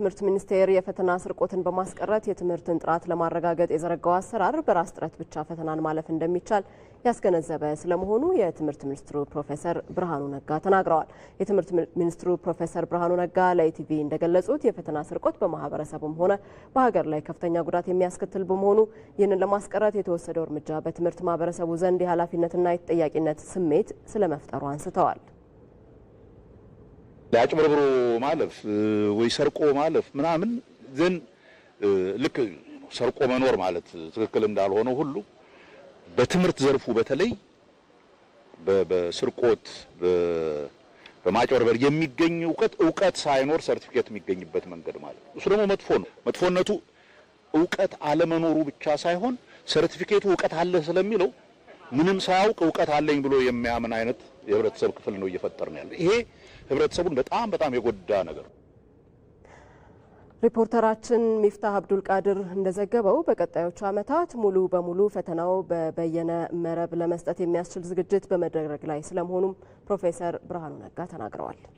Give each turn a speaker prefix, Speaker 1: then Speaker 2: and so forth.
Speaker 1: ትምህርት ሚኒስቴር የፈተና ስርቆትን በማስቀረት የትምህርትን ጥራት ለማረጋገጥ የዘረጋው አሰራር በራስ ጥረት ብቻ ፈተናን ማለፍ እንደሚቻል ያስገነዘበ ስለመሆኑ የትምህርት ሚኒስትሩ ፕሮፌሰር ብርሃኑ ነጋ ተናግረዋል። የትምህርት ሚኒስትሩ ፕሮፌሰር ብርሃኑ ነጋ ለኢቲቪ እንደገለጹት የፈተና ስርቆት በማህበረሰቡም ሆነ በሀገር ላይ ከፍተኛ ጉዳት የሚያስከትል በመሆኑ ይህንን ለማስቀረት የተወሰደው እርምጃ በትምህርት ማህበረሰቡ ዘንድ የኃላፊነትና የተጠያቂነት ስሜት ስለመፍጠሩ አንስተዋል።
Speaker 2: አጭበርብሮ ማለፍ ወይ ሰርቆ ማለፍ ምናምን ዘን ልክ ሰርቆ መኖር ማለት ትክክል እንዳልሆነ ሁሉ በትምህርት ዘርፉ በተለይ በስርቆት በማጭበርበር የሚገኝ እውቀት እውቀት ሳይኖር ሰርቲፊኬት የሚገኝበት መንገድ ማለት እሱ ደግሞ መጥፎ ነው። መጥፎነቱ እውቀት አለመኖሩ ብቻ ሳይሆን ሰርቲፊኬቱ እውቀት አለ ስለሚለው ምንም ሳያውቅ እውቀት አለኝ ብሎ የሚያምን አይነት የህብረተሰብ ክፍል ነው እየፈጠር ነው ያለ። ይሄ ህብረተሰቡን በጣም በጣም የጎዳ ነገር
Speaker 1: ሪፖርተራችን ሚፍታህ አብዱል ቃድር እንደዘገበው በቀጣዮቹ ዓመታት ሙሉ በሙሉ ፈተናው በበየነ መረብ ለመስጠት የሚያስችል ዝግጅት በመደረግ ላይ ስለመሆኑም ፕሮፌሰር ብርሃኑ ነጋ ተናግረዋል።